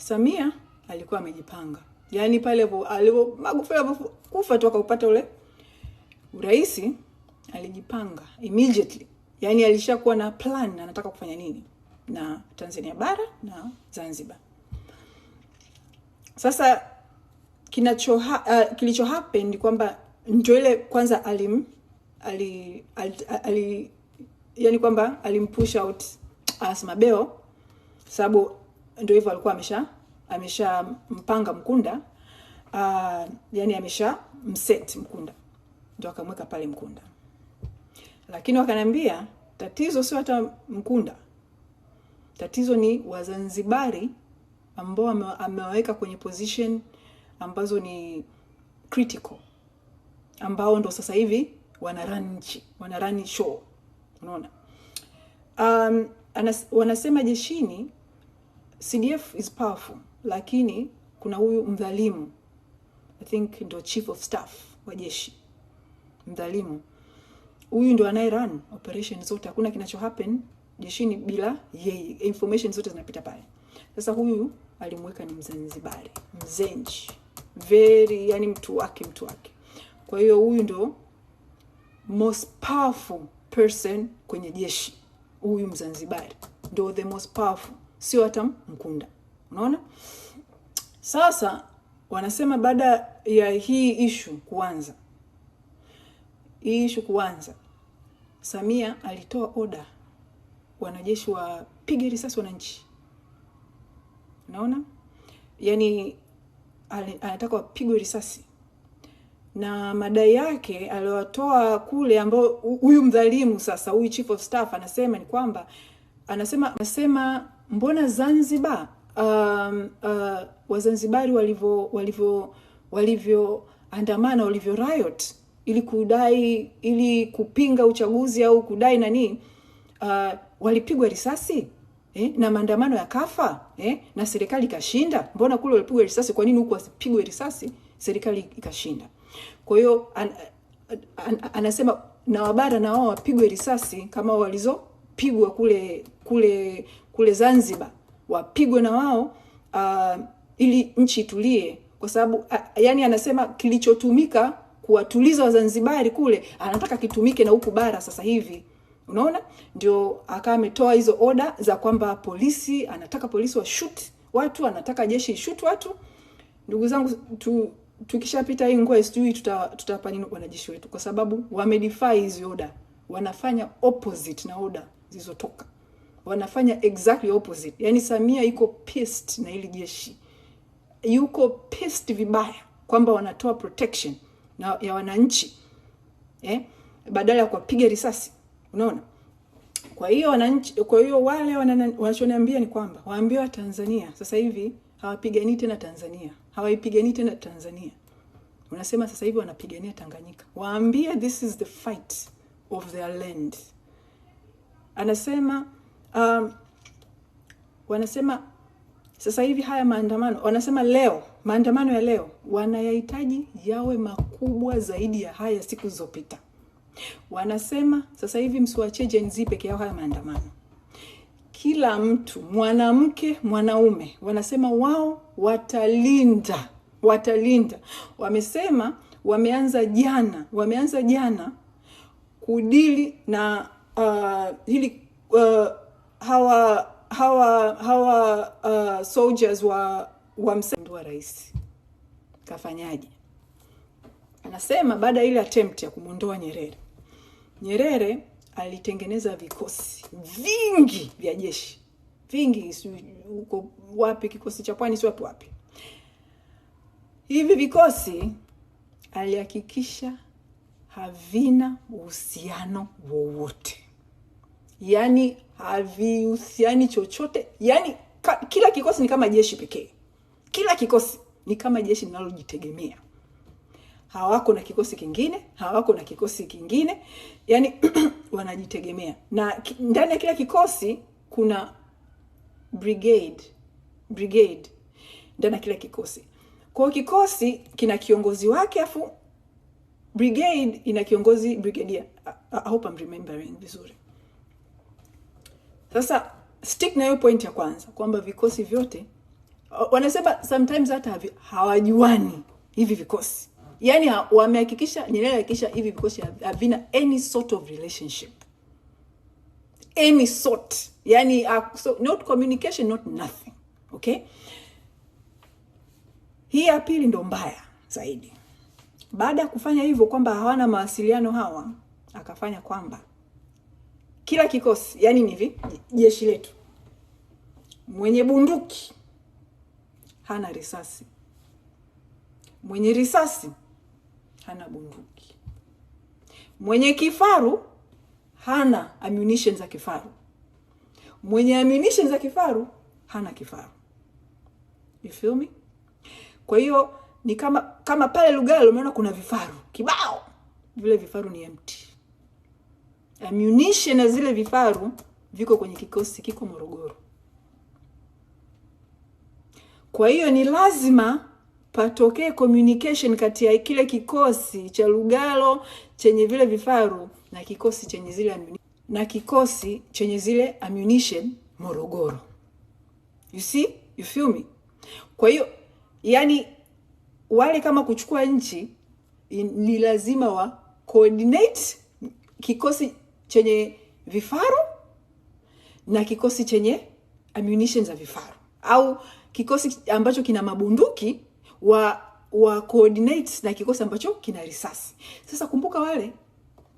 Samia alikuwa amejipanga, yaani pale alipo Magufuli alipokufa tu akaupata ule urais, alijipanga immediately, yaani alishakuwa na plan, anataka kufanya nini na Tanzania bara na Zanzibar. Sasa kinacho uh, kilicho happen ni kwamba ndio ile kwanza alim ali, ali, ali yani kwamba alimpush out Beo sababu ndio hivyo alikuwa amesha mpanga Mkunda uh, yani amesha mset Mkunda, ndio akamweka pale Mkunda. Lakini wakaniambia tatizo sio hata Mkunda, tatizo ni Wazanzibari ambao amewaweka kwenye position ambazo ni critical, ambao ndo sasa hivi wanarun nchi, show, unaona um, anas, wanasema jeshini CDF is powerful, lakini kuna huyu mdhalimu, I think ndo chief of staff wa jeshi, mdhalimu huyu ndo anaye run operation zote. Hakuna kinacho happen jeshini bila yeye, information zote zinapita pale. Sasa huyu alimweka ni Mzanzibari, mzenji very, yani mtu wake mtu wake. Kwa hiyo huyu ndo most powerful person kwenye jeshi, huyu Mzanzibari ndo the most powerful sio mkunda Unaona? Sasa wanasema baada ya hii ishu kuanza, hii ishu kuanza, Samia alitoa oda wanajeshi wapige risasi wananchi. Unaona? yani anataka wapigwe risasi na madai yake aliyowatoa kule, ambao huyu mdhalimu sasa, huyu chief of staff anasema ni kwamba anasema anasema mbona Zanzibar um, uh, Wazanzibari walivyo walivyo walivyoandamana walivyo riot ili kudai ili kupinga uchaguzi au kudai nani uh, walipigwa risasi eh, na maandamano ya kafa eh, na serikali ikashinda. Mbona kule walipigwa risasi, kwa nini huku wasipigwe risasi? Serikali ikashinda. Kwa hiyo an, an, an, anasema na wabara na wao wapigwe risasi kama walizo kupigwa kule kule kule Zanzibar, wapigwe na wao uh, ili nchi itulie, kwa sababu uh, yani anasema kilichotumika kuwatuliza Wazanzibari kule anataka kitumike na huku bara sasa hivi. Unaona, ndio akawa ametoa hizo oda za kwamba polisi, anataka polisi washut watu, anataka jeshi ishut watu. Ndugu zangu tu, tukishapita hii ngua sijui tutawapa tuta wanajeshi wetu, kwa sababu wamedefy hizi oda, wanafanya opposite na oda zilizotoka wanafanya exactly opposite. Yani Samia iko pissed na hili jeshi, yuko pissed vibaya kwamba wanatoa protection na ya wananchi eh, badala ya kuwapiga risasi. Unaona, kwa hiyo wananchi, kwa hiyo wale wanachoniambia ni kwamba waambie Tanzania sasa hivi hawapiganii tena Tanzania, hawaipiganii tena Tanzania, unasema sasa hivi wanapigania Tanganyika. Waambie this is the fight of their land anasema um, wanasema sasa hivi haya maandamano, wanasema leo maandamano ya leo wanayahitaji yawe makubwa zaidi ya haya siku zilizopita. Wanasema sasa hivi msiwachie Gen Z peke yao haya maandamano, kila mtu, mwanamke, mwanaume, wanasema wao watalinda, watalinda. Wamesema wameanza jana, wameanza jana kudili na uh, hili uh, hawa hawa hawa uh, soldiers wa wa wa rais kafanyaje? Anasema baada ya ile attempt ya kumwondoa Nyerere, Nyerere alitengeneza vikosi vingi vya jeshi vingi, huko wapi, kikosi cha pwani, si wapi wapi. Hivi vikosi alihakikisha havina uhusiano wowote yani havihusiani chochote yani ka, kila kikosi ni kama jeshi pekee kila kikosi ni kama jeshi linalojitegemea hawako na kikosi kingine hawako na kikosi kingine yani wanajitegemea na ndani ya kila kikosi kuna brigade brigade ndani ya kila kikosi kwao kikosi kina kiongozi wake afu brigade ina kiongozi brigadier I, I hope I'm remembering vizuri sasa stick na hiyo point ya kwanza kwamba vikosi vyote wanasema sometimes hata hawajuani hivi vikosi yani, wamehakikisha Nyerere hakikisha hivi vikosi havina any sort of relationship any sort, yani so not communication not nothing okay. Hii ya pili ndo mbaya zaidi. Baada ya kufanya hivyo kwamba hawana mawasiliano hawa, akafanya kwamba kila kikosi, yani ni hivi, jeshi letu, mwenye bunduki hana risasi, mwenye risasi hana bunduki, mwenye kifaru hana ammunition za kifaru, mwenye ammunition za kifaru hana kifaru. You feel me? Kwa hiyo ni kama kama pale Lugalo umeona kuna vifaru kibao, vile vifaru ni empty ammunition na zile vifaru viko kwenye kikosi, kiko Morogoro. Kwa hiyo ni lazima patokee communication kati ya kile kikosi cha Lugalo chenye vile vifaru na kikosi chenye zile na kikosi chenye zile ammunition Morogoro. You see? You feel me? Kwa hiyo yani wale kama kuchukua nchi ni lazima wa coordinate kikosi chenye vifaru na kikosi chenye ammunition za vifaru au kikosi ambacho kina mabunduki wa wa coordinate na kikosi ambacho kina risasi. Sasa kumbuka, wale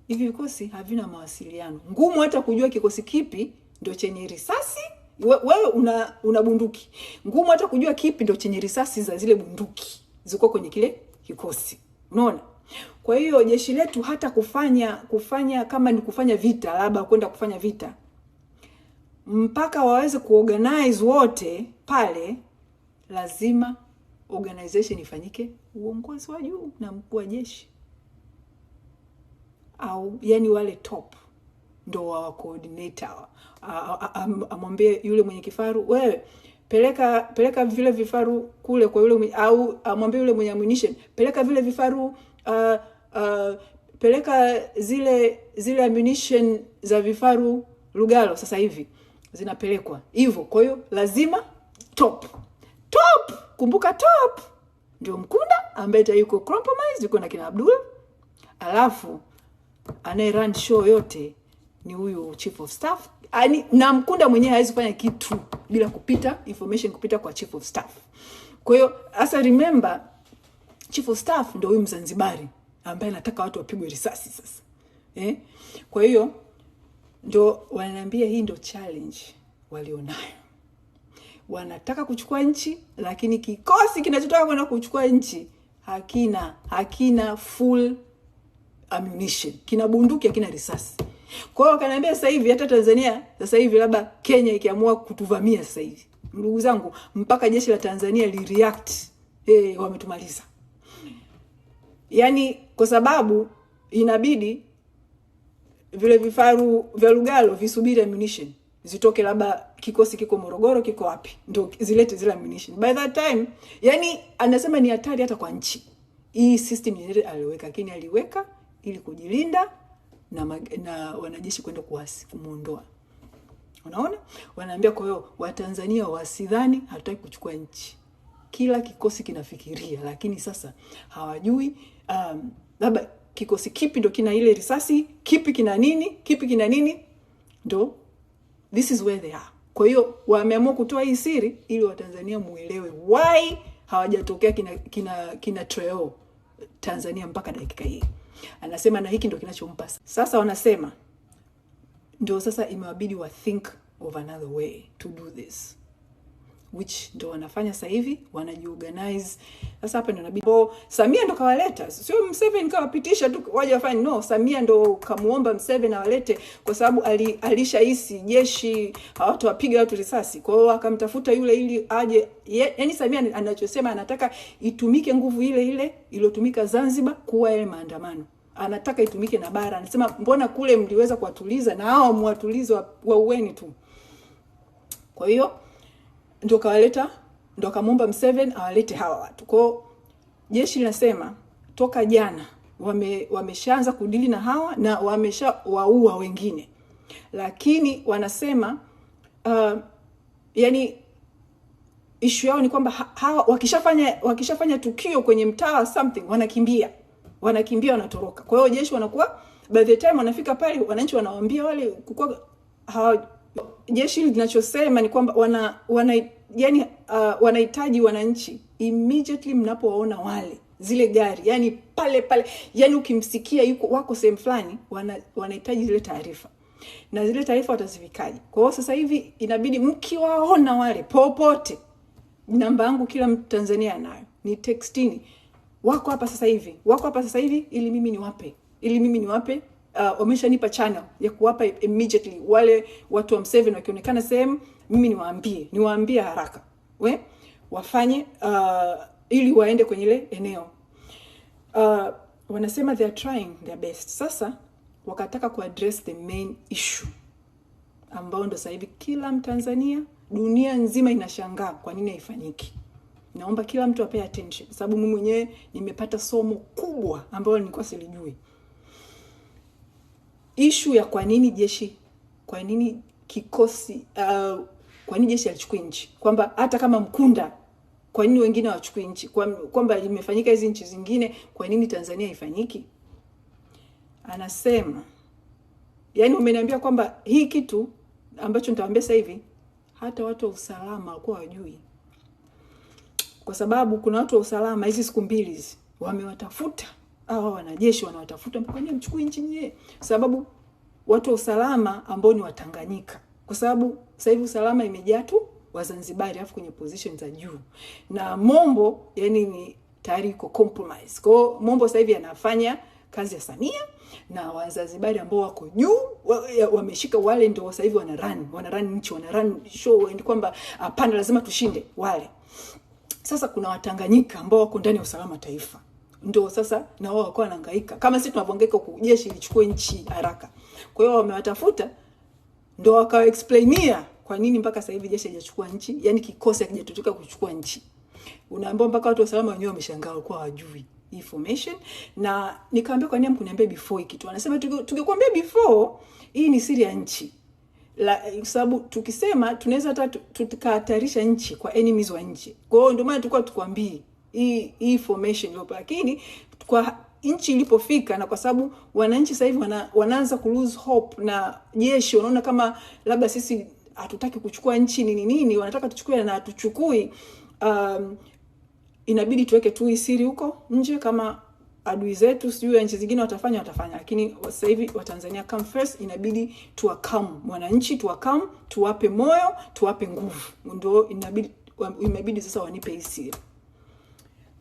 hivi vikosi havina mawasiliano, ngumu hata kujua kikosi kipi ndio chenye risasi wewe una, una bunduki, ngumu hata kujua kipi ndio chenye risasi za zile bunduki ziko kwenye kile kikosi, unaona. Kwa hiyo jeshi letu hata kufanya kufanya kama ni kufanya vita, labda kwenda kufanya vita, mpaka waweze kuorganize wote pale, lazima organization ifanyike uongozi wa juu na mkuu wa jeshi au yani wale top ndo wa coordinator amwambie yule mwenye kifaru, wewe peleka peleka vile vifaru kule kwa yule, au amwambie yule mwenye ammunition, peleka vile vifaru uh, uh, peleka zile zile ammunition za vifaru Lugalo sasa hivi zinapelekwa hivyo. Kwa hiyo lazima top top, kumbuka top ndio Mkunda ambaye tayari yuko compromise, yuko na kina Abdul, alafu anaye run show yote ni huyu chief of staff ani, na Mkunda mwenyewe hawezi kufanya kitu bila kupita information kupita kwa chief of staff. Kwa hiyo sasa remember chief of staff ndio huyu Mzanzibari ambaye anataka watu wapigwe risasi sasa eh? Kwa hiyo ndio wananiambia hii ndio challenge walionayo, wanataka kuchukua nchi, lakini kikosi kinachotaka kwenda kuchukua nchi hakina hakina full ammunition, kina bunduki, hakina risasi. Kwa hiyo wakaniambia sasa hivi hata Tanzania sasa hivi labda Kenya ikiamua kutuvamia sasa hivi, ndugu zangu, mpaka jeshi la Tanzania li react eh, wametumaliza yani kwa sababu inabidi vile vifaru vya Lugalo visubiri ammunition zitoke, labda kikosi kiko Morogoro, kiko wapi, ndio zilete zile ammunition by that time. Yani anasema ni hatari hata kwa nchi hii. System yenyewe aliweka, lakini aliweka ili kujilinda na, mag, na wanajeshi kwenda kuasi kumuondoa. Unaona, wanaambia kwa hiyo Watanzania wasidhani hatutaki kuchukua nchi. Kila kikosi kinafikiria, lakini sasa hawajui um, labda kikosi kipi ndo kina ile risasi, kipi kina nini, kipi kina nini, ndo this is where they are. Kwa hiyo wameamua kutoa hii siri ili Watanzania muelewe why hawajatokea kina, kina, kina treo uh, Tanzania mpaka dakika hii. Anasema na hiki ndo kinachompa sasa, wanasema ndo sasa imewabidi wa think of another way to do this which ndo wanafanya sasa hivi wanajiorganize. Sasa hapa ndo nabii Samia ndo kawaleta, sio Mseveni kawapitisha tu waje wafanye. No, Samia ndo kamuomba Mseveni awalete, kwa sababu ali, alishahisi jeshi wapiga watu risasi, kwa hiyo akamtafuta yule ili aje. Yaani Samia anachosema anataka itumike nguvu ile ile iliyotumika Zanzibar kuwa ile maandamano anataka itumike na bara. Anasema mbona kule mliweza kuwatuliza, na hao muwatulize wa, wa tu. Kwa hiyo ndio kawaleta, ndio akamwomba Mseveni awalete hawa watu. Kwao jeshi linasema toka jana wame wameshaanza kudili na hawa na wamesha waua wengine, lakini wanasema uh, yani ishu yao ni kwamba hawa wakishafanya wakishafanya tukio kwenye mtaa something, wanakimbia wanakimbia wanatoroka. Kwa hiyo jeshi wanakuwa by the time wanafika pale, wananchi wanawaambia wale kukua hawa jeshi hili linachosema ni kwamba wana, wana, yani, uh, wanahitaji wananchi immediately mnapowaona wale zile gari yani pale pale yani ukimsikia yuko wako sehemu fulani wanahitaji zile taarifa na zile taarifa watazifikaje? Kwa hiyo sasa hivi inabidi mkiwaona wale popote, namba yangu kila Mtanzania anayo, ni textini, wako hapa sasa hivi, wako hapa sasa hivi, ili mimi niwape, ili mimi niwape uh, wameshanipa channel ya kuwapa immediately wale watu wa Museveni wakionekana sehemu, mimi niwaambie, niwaambie haraka we wafanye uh, ili waende kwenye ile eneo uh, wanasema they are trying their best. Sasa wakataka ku address the main issue ambao ndo sasa hivi kila Mtanzania dunia nzima inashangaa kwa nini haifanyiki. Naomba kila mtu apay attention, sababu mimi mwenyewe nimepata somo kubwa ambalo nilikuwa silijui ishu ya kwa nini jeshi, kwa nini kikosi uh, kwa nini jeshi alichukui nchi, kwamba hata kama Mkunda, kwa nini wengine hawachukui nchi, kwamba limefanyika hizi nchi zingine, kwa nini Tanzania haifanyiki? Anasema yani, umeniambia kwamba hii kitu ambacho nitawaambia sasa hivi hata watu wa usalama walikuwa wajui, kwa sababu kuna watu wa usalama hizi siku mbili hizi wamewatafuta hawa wanajeshi wanawatafuta kwa nini mchukui nchi nyie? Sababu watu wa usalama ambao ni Watanganyika, kwa sababu sasa hivi usalama imejaa tu Wazanzibari alafu kwenye position za juu na Mombo, yani ni tayari iko compromise. Kwa hiyo Mombo sasa hivi anafanya kazi ya Samia na Wazanzibari ambao wako juu wameshika wa wale ndio sasa hivi wana run wana run nchi wana run show and kwamba hapana, lazima tushinde wale. Sasa kuna Watanganyika ambao wako ndani ya usalama taifa ndio sasa na wao wakawa wanahangaika kama sisi huku jeshi lichukue nchi haraka. Kwa hiyo wamewatafuta, ndio wakawa explainia kwa nini mpaka sasa hivi jeshi haijachukua nchi, yani kikosi hakijatotoka kuchukua nchi. Unaambiwa mpaka watu wa usalama wenyewe wameshangaa, walikuwa wajui information na nikaambia, kwa nini mkuniambia before hiki tu? Anasema tungekuambia before, hii ni siri ya nchi la sababu tukisema tunaweza hata tukahatarisha nchi kwa enemies wa nchi. Kwa hiyo ndio maana tulikuwa tukwambii hii hii formation iliyopo, lakini kwa nchi ilipofika na kwa sababu wananchi sasa hivi wana, wanaanza ku lose hope na jeshi wanaona kama labda sisi hatutaki kuchukua nchi nini nini, wanataka tuchukue na hatuchukui. Um, inabidi tuweke tu siri huko nje kama adui zetu sijui ya nchi zingine watafanya watafanya, lakini sasa hivi Watanzania come first, inabidi tuwakamu wananchi, tuwakamu, tuwape moyo, tuwape nguvu, ndio inabidi, imebidi sasa wanipe hisia.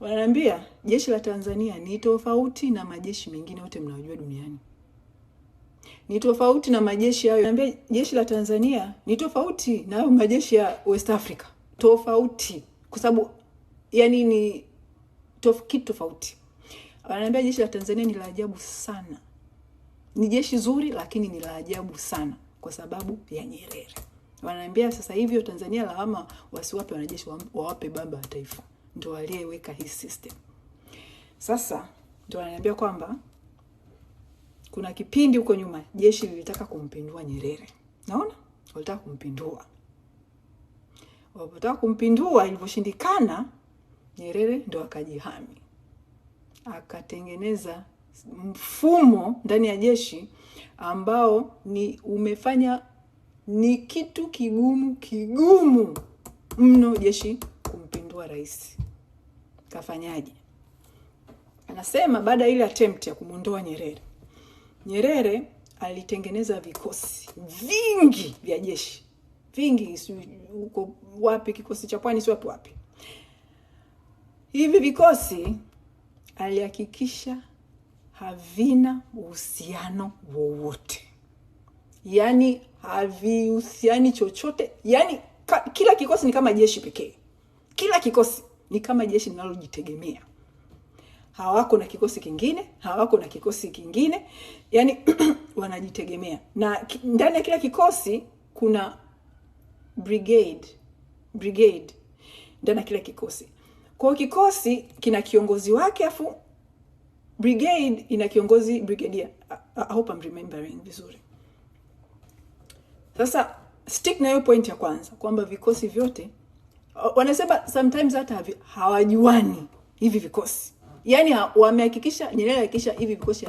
Wananiambia jeshi la Tanzania ni tofauti na majeshi mengine yote mnayojua duniani, ni tofauti na majeshi hayo. Naambia jeshi la Tanzania ni tofauti na hayo majeshi ya West Africa, tofauti kwa sababu yani ni tof, kitu tofauti. Wananiambia jeshi la Tanzania ni la ajabu sana, ni jeshi zuri, lakini ni la ajabu sana kwa sababu ya Nyerere. Wananiambia sasa hivyo Tanzania lawama wasiwape wanajeshi, wawape baba wa taifa ndo aliyeweka hii system. Sasa ndo ananiambia kwamba kuna kipindi huko nyuma jeshi lilitaka kumpindua Nyerere, naona walitaka kumpindua. Walipotaka kumpindua, ilivyoshindikana, Nyerere ndo akajihami, akatengeneza mfumo ndani ya jeshi ambao ni umefanya ni kitu kigumu kigumu mno jeshi kumpindua alikuwa rais kafanyaje? Anasema baada ya ile attempt ya kumwondoa Nyerere, Nyerere alitengeneza vikosi vingi vya jeshi vingi, huko wapi, kikosi cha pwani, si wapi wapi. Hivi vikosi alihakikisha havina uhusiano wowote, yaani havihusiani chochote, yaani kila kikosi ni kama jeshi pekee kila kikosi ni kama jeshi linalojitegemea. Hawako na kikosi kingine, hawako na kikosi kingine, yaani wanajitegemea, na ndani ya kila kikosi kuna brigade, brigade ndani ya kila kikosi. Kwa kikosi kina kiongozi wake, afu brigade ina kiongozi brigadier. I hope I'm remembering vizuri. Sasa stick na hiyo point ya kwanza kwamba vikosi vyote wanasema sometimes hata hawajuani hivi vikosi, yaani wamehakikisha, Nyerere hakikisha hivi vikosi